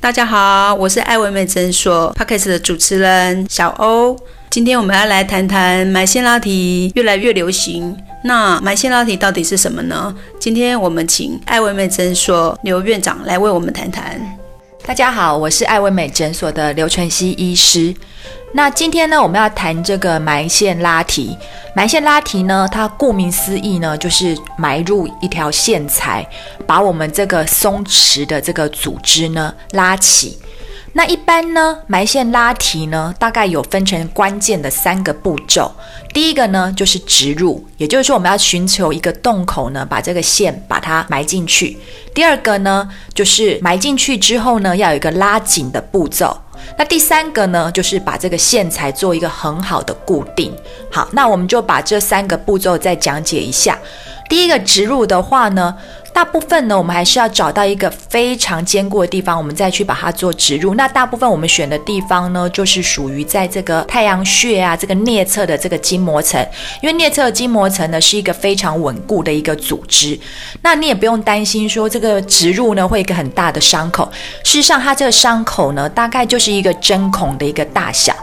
大家好，我是愛惟美診所 Podcast 的主持人小歐。今天我們要來談談埋線拉提越來越流行。那埋線拉提到底是什麼呢？今天我們請愛惟美診所劉院長來為我們談談。大家好，我是愛惟美診所的劉淳熙醫師。那今天呢，我們要談這個埋線拉提。埋線拉提呢，它顧名思義呢，就是埋入一條線材，把我們這個鬆弛的這個組織呢拉起。那一般呢，埋線拉提呢，大概有分成關鍵的三個步驟。第一個呢，就是植入，也就是說我們要尋求一個洞口呢，把這個線把它埋進去。第二個呢，就是埋進去之後呢，要有一個拉緊的步驟。那第三個呢，就是把這個線材做一個很好的固定。好，那我們就把這三個步驟再講解一下。第一個植入的話呢，大部分呢，我們還是要找到一個非常堅固的地方，我們再去把它做植入。那大部分我們選的地方呢，就是屬於在這個太陽穴啊，這個顳側的這個筋膜層，因為顳側的筋膜層呢是一個非常穩固的一個組織。那你也不用擔心說這個植入呢會一個很大的傷口，事實上它這個傷口呢大概就是一個針孔的一個大小。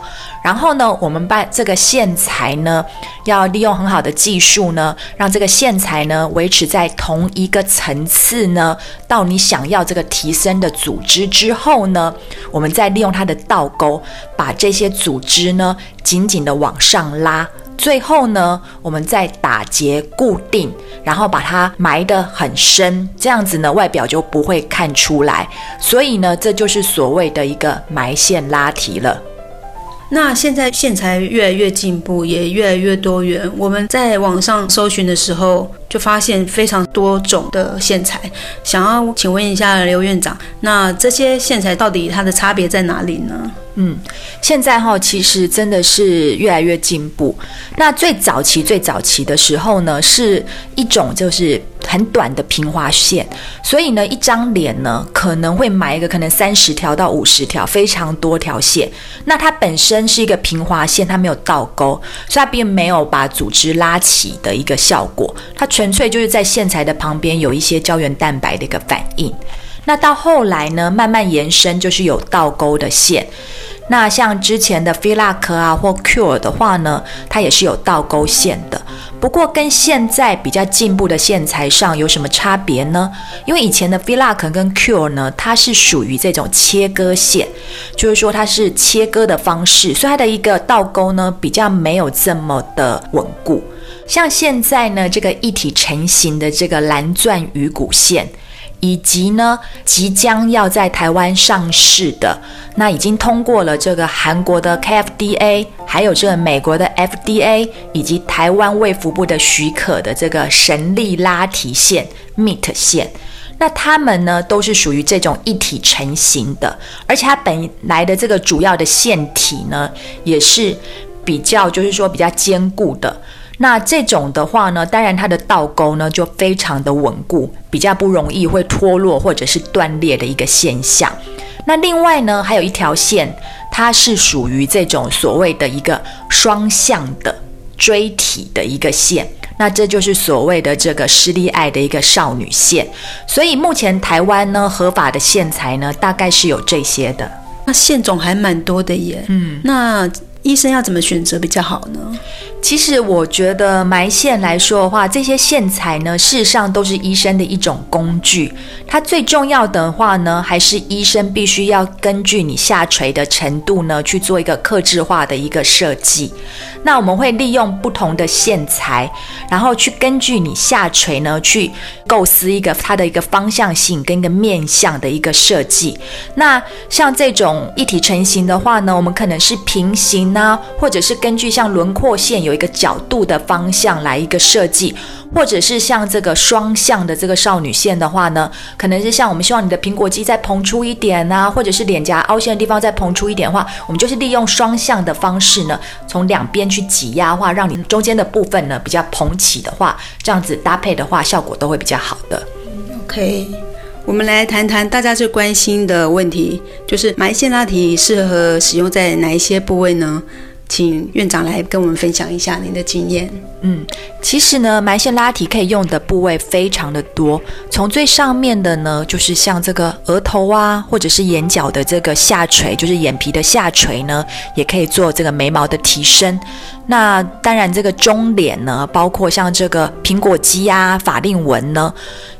然後呢，我們把這個線材呢，要利用很好的技術呢，讓這個線材呢維持在同一個層次呢，到你想要這個提升的組織之後呢，我們再利用它的倒鈎，把這些組織呢緊緊的往上拉，最後呢，我們再打結固定，然後把它埋得很深，這樣子呢外表就不會看出來，所以呢，這就是所謂的一個埋線拉提了。那現在線材越來越進步，也越來越多元。我們在網上搜尋的時候，就發現非常多種的線材。想要請問一下劉院長，那這些線材到底它的差別在哪裡呢？嗯，現在哈、哦、其實真的是越來越進步。那最早期最早期的時候呢，是一種就是很短的平滑線，所以呢一張臉呢可能會埋一個可能三十條到五十條，非常多條線。那它本身是一個平滑線，它沒有倒鈎，所以它並沒有把組織拉起的一個效果。它純粹就是在線材的旁邊有一些膠原蛋白的一個反應。那到後來呢，慢慢延伸就是有倒鈎的線。那像之前的 Filac 啊或 Cure 的話呢，它也是有倒鈎線的。不過跟現在比較進步的線材上有什麼差別呢？因為以前的 Filac 跟 Cure 呢，它是屬於這種切割線，就是說它是切割的方式，所以它的一個倒鈎呢，比較沒有這麼的穩固。像現在呢，這個一體成型的這個藍鑽魚骨線。以及呢，即將要在台灣上市的，那已經通過了這個韓國的 KFDA，還有這個美國的 FDA，以及台灣衛福部的許可的這個神力拉提線 Mint 線，那它們呢都是屬於這種一體成型的，而且它本來的這個主要的線體呢，也是比較就是說比較堅固的。那這種的話呢，當然它的倒鈎呢就非常的穩固，比較不容易會脫落或者是斷裂的一個現象。那另外呢，還有一條線，它是屬於這種所謂的一個雙向的錐體的一個線。那這就是所謂的這個施利愛的一個少女線。所以目前台灣呢，合法的線材呢，大概是有這些的。那線種還蠻多的耶。嗯。那。醫生要怎麼選擇比較好呢？其實我覺得埋線來說的話，這些線材呢，事實上都是醫生的一種工具。它最重要的話呢，還是醫生必須要根據你下垂的程度呢，去做一個客製化的一個設計。那我們會利用不同的線材，然後去根據你下垂呢，去構思一個它的一個方向性跟一個面向的一個設計。那像這種一體成型的話呢，我們可能是平行。啊，或者是根據像輪廓線有一個角度的方向來一個設計，或者是像這個雙向的這個少女線的話呢，可能是像我們希望你的蘋果肌再膨出一點啊，或者是臉頰凹陷的地方再膨出一點的話，我們就是利用雙向的方式呢，從兩邊去擠壓的話，讓你中間的部分呢比較膨起的話，這樣子搭配的話效果都會比較好的。OK。我們來談談大家最關心的問題，就是埋線拉提適合使用在哪一些部位呢？請院長來跟我們分享一下您的經驗。嗯，其實呢，埋線拉提可以用的部位非常的多，從最上面的呢，就是像這個額頭啊，或者是眼角的這個下垂，就是眼皮的下垂呢，也可以做這個眉毛的提升。那當然，這個中臉呢，包括像這個蘋果肌啊、法令紋呢，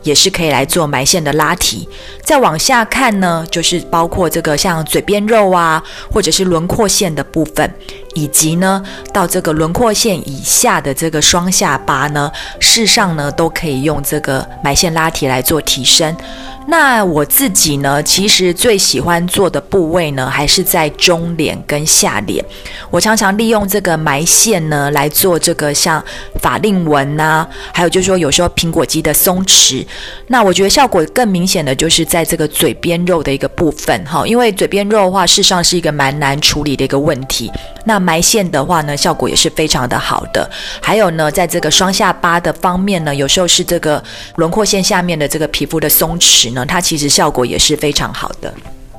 也是可以來做埋線的拉提。再往下看呢，就是包括這個像嘴邊肉啊，或者是輪廓線的部分。以及呢，到這個輪廓線以下的這個雙下巴呢，事實上呢，都可以用這個埋線拉提來做提升。那我自己呢，其實最喜歡做的部位呢，還是在中臉跟下臉。我常常利用這個埋線呢來做這個像法令紋啊，還有就是說有時候蘋果肌的鬆弛。那我覺得效果更明顯的就是在這個嘴邊肉的一個部分哈，因為嘴邊肉的話，事實上是一個蠻難處理的一個問題。那埋線的話呢，效果也是非常的好的。還有呢，在這個雙下巴的方面呢，有時候是這個輪廓線下面的這個皮膚的鬆弛。它其實效果也是非常好的，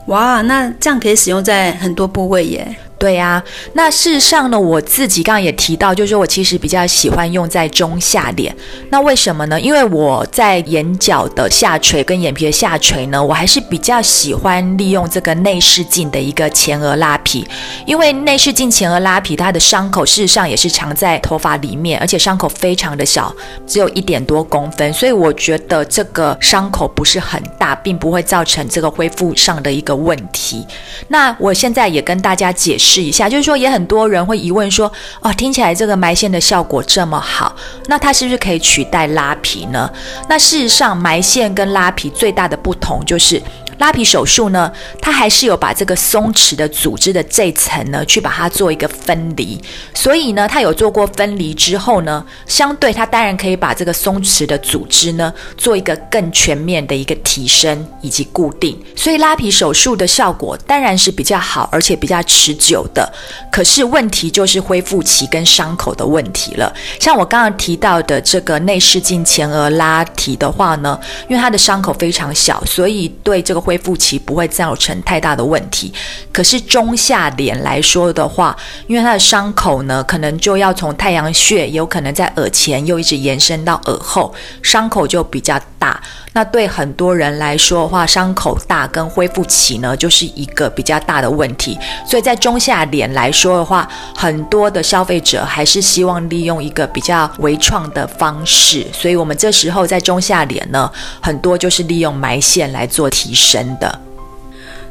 哇！那這樣可以使用在很多部位耶。對呀、啊，那事實上呢，我自己剛剛也提到，就是說我其實比較喜歡用在中下臉，那為什麼呢？因為我在眼角的下垂跟眼皮的下垂呢，我還是比較喜歡利用這個內視鏡的一個前額拉皮，因為內視鏡前額拉皮，它的傷口事實上也是藏在頭髮裡面，而且傷口非常的小，只有一點多公分，所以我覺得這個傷口不是很大，並不會造成這個恢復上的一個問題。那我現在也跟大家解釋。試一下，就是說，也很多人會疑問說，哦，聽起來這個埋線的效果這麼好，那它是不是可以取代拉皮呢？那事實上，埋線跟拉皮最大的不同就是。拉皮手術呢，它還是有把這個鬆弛的組織的這層呢，去把它做一個分離。所以呢，它有做過分離之後呢，相對它當然可以把這個鬆弛的組織呢，做一個更全面的一個提升以及固定。所以拉皮手術的效果當然是比較好，而且比較持久的。可是問題就是恢復期跟傷口的問題了。像我剛剛提到的這個內視鏡前額拉提的話呢，因為它的傷口非常小，所以對這個恢復期不會造成太大的問題，可是中下臉來說的話，因為它的傷口呢，可能就要從太陽穴，有可能在耳前又一直延伸到耳後，傷口就比較大，那對很多人來說的話，傷口大跟恢復期呢，就是一個比較大的問題。所以在中下臉來說的話，很多的消費者還是希望利用一個比較微創的方式。所以我們這時候在中下臉呢，很多就是利用埋線來做提升的。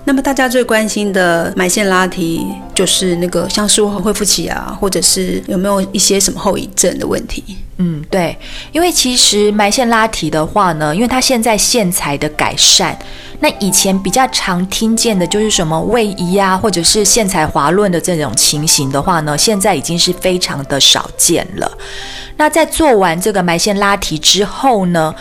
那麼大家最關心的埋線拉提就是那個像是術後恢復期啊，或者是有沒有一些什麼後遺症的問題？嗯，對，因為其實埋線拉提的話呢，因為它現在線材的改善。那以前比較常聽見的就是什麼位移啊，或者是線材滑輪的這種情形的話呢，現在已經是非常的少見了。那在做完這個埋線拉提之後呢，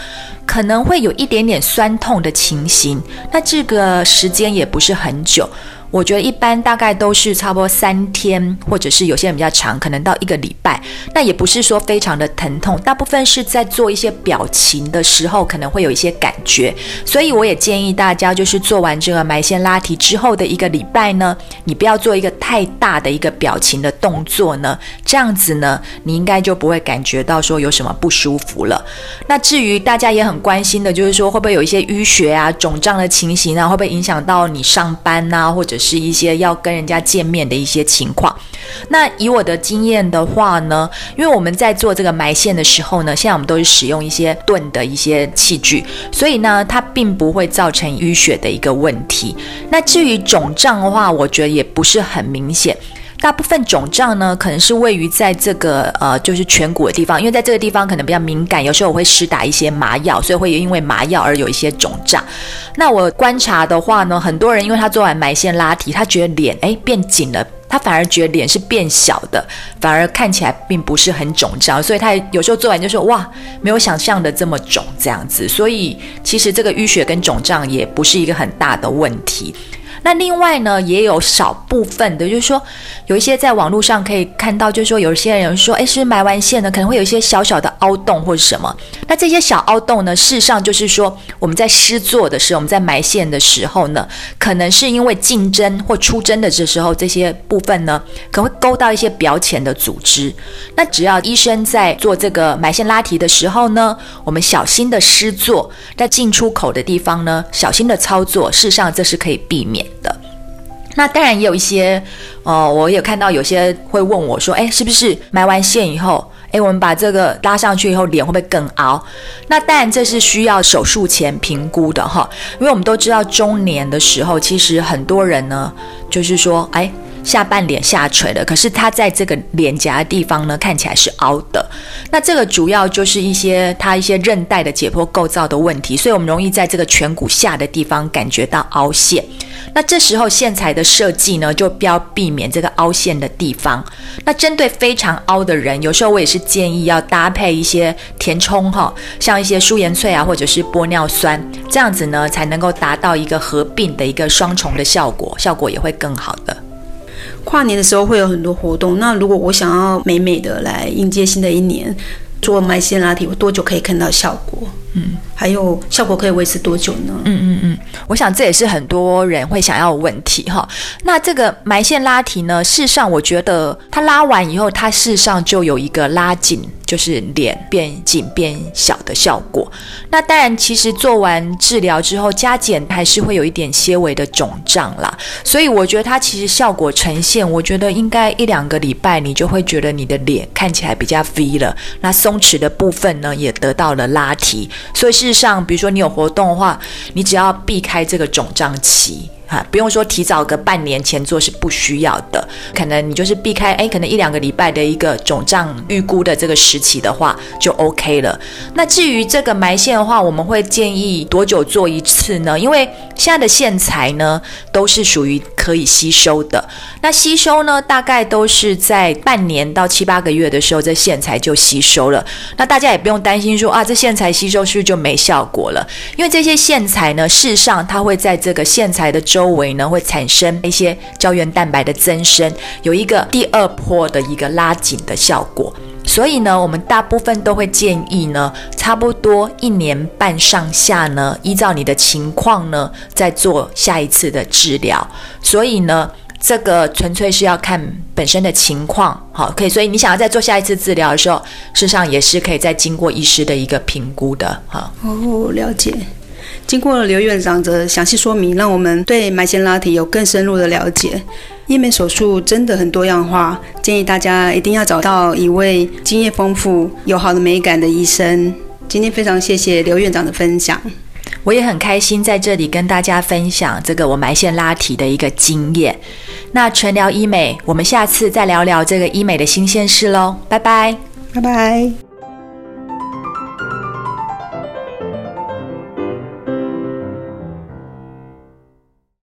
可能會有一點點痠痛的情形，那這個時間也不是很久。我覺得一般大概都是差不多三天，或者是有些人比較長，可能到一個禮拜。那也不是說非常的疼痛，大部分是在做一些表情的時候可能會有一些感覺。所以我也建議大家，就是做完這個埋線拉提之後的一個禮拜呢，你不要做一個太大的一個表情的動作呢，這樣子呢，你應該就不會感覺到說有什麼不舒服了。那至於大家也很關心的，就是說會不會有一些淤血啊、腫脹的情形啊，會不會影響到你上班啊，或者。是一些要跟人家見面的一些情況。那以我的經驗的話呢，因為我們在做這個埋線的時候呢，現在我們都是使用一些鈍的一些器具，所以呢，它並不會造成淤血的一個問題。那至於腫脹的話，我覺得也不是很明顯。大部分腫脹呢，可能是位於在這個呃，就是顴骨的地方，因為在這個地方可能比較敏感，有時候我會施打一些麻藥，所以會因為麻藥而有一些腫脹。那我觀察的話呢，很多人因為他做完埋線拉提，他覺得臉誒變緊了，他反而覺得臉是變小的，反而看起來並不是很腫脹，所以他有時候做完就說哇，沒有想象的這麼腫這樣子。所以其實這個淤血跟腫脹也不是一個很大的問題。那另外呢，也有少部分的，就是說有一些在網絡上可以看到，就是說有些人說，誒，是埋完線呢，可能會有一些小小的凹洞或者什麼。那這些小凹洞呢，事實上就是說我們在施作的時候，我們在埋線的時候呢，可能是因為進針或出針的這時候，這些部分呢，可能會勾到一些表淺的組織。那只要醫生在做這個埋線拉提的時候呢，我們小心的施作，在進出口的地方呢，小心的操作，事實上這是可以避免。那當然也有一些，哦，我也看到有些會問我說，哎，是不是埋完線以後，哎，我們把這個拉上去以後，臉會不會更凹？那當然這是需要手術前評估的哈，因為我們都知道中年的時候，其實很多人呢，就是說，哎。下半臉下垂了，可是它在這個臉頰的地方呢，看起來是凹的。那這個主要就是一些它一些韌帶的解剖構造的問題，所以我們容易在這個顴骨下的地方感覺到凹陷。那這時候線材的設計呢，就比較避免這個凹陷的地方。那針對非常凹的人，有時候我也是建議要搭配一些填充哈，像一些舒顏萃啊，或者是玻尿酸，這樣子呢，才能夠達到一個合併的一個雙重的效果，效果也會更好的。的跨年的時候會有很多活動，那如果我想要美美的來迎接新的一年，做埋線拉提，我多久可以看到效果？嗯，還有效果可以維持多久呢？嗯嗯嗯，我想這也是很多人會想要的問題哈。那這個埋線拉提呢，事實上我覺得它拉完以後，它事實上就有一個拉緊，就是臉變緊變小的效果。那當然，其實做完治療之後，加減還是會有一點些微的腫脹啦。所以我覺得它其實效果呈現，我覺得應該一兩個禮拜，你就會覺得你的臉看起來比較 V 了。那鬆弛的部分呢，也得到了拉提。所以事實上，比如說你有活動的話，你只要避開這個腫脹期哈，不用說提早個半年前做是不需要的，可能你就是避開哎，可能一兩個禮拜的一個腫脹預估的這個時期的話就 OK 了。那至於這個埋線的話，我們會建議多久做一次？呢，因為現在的線材呢都是屬於可以吸收的，那吸收呢大概都是在半年到七八個月的時候，這線材就吸收了。那大家也不用擔心說啊，這線材吸收是不是就沒效果了？因為這些線材呢，事實上它會在這個線材的周圍呢會產生一些膠原蛋白的增生，有一個第二波的一個拉緊的效果。所以呢，我們大部分都會建議呢，差不多一年半上下呢，依照你的情況呢，再做下一次的治療。所以呢，這個純粹是要看本身的情況，好，可以。所以你想要再做下一次治療的時候，事實上也是可以再經過醫師的一個評估的，哈。哦，了解。經過了劉院長的詳細說明，讓我們對埋線拉提有更深入的了解。醫美手術真的很多樣化，建議大家一定要找到一位經驗豐富、有好的美感的醫生。今天非常謝謝劉院長的分享，我也很開心在這裡跟大家分享這個我埋線拉提的一個經驗。那淳聊醫美，我們下次再聊聊這個醫美的新鮮事嘍，拜拜，拜拜。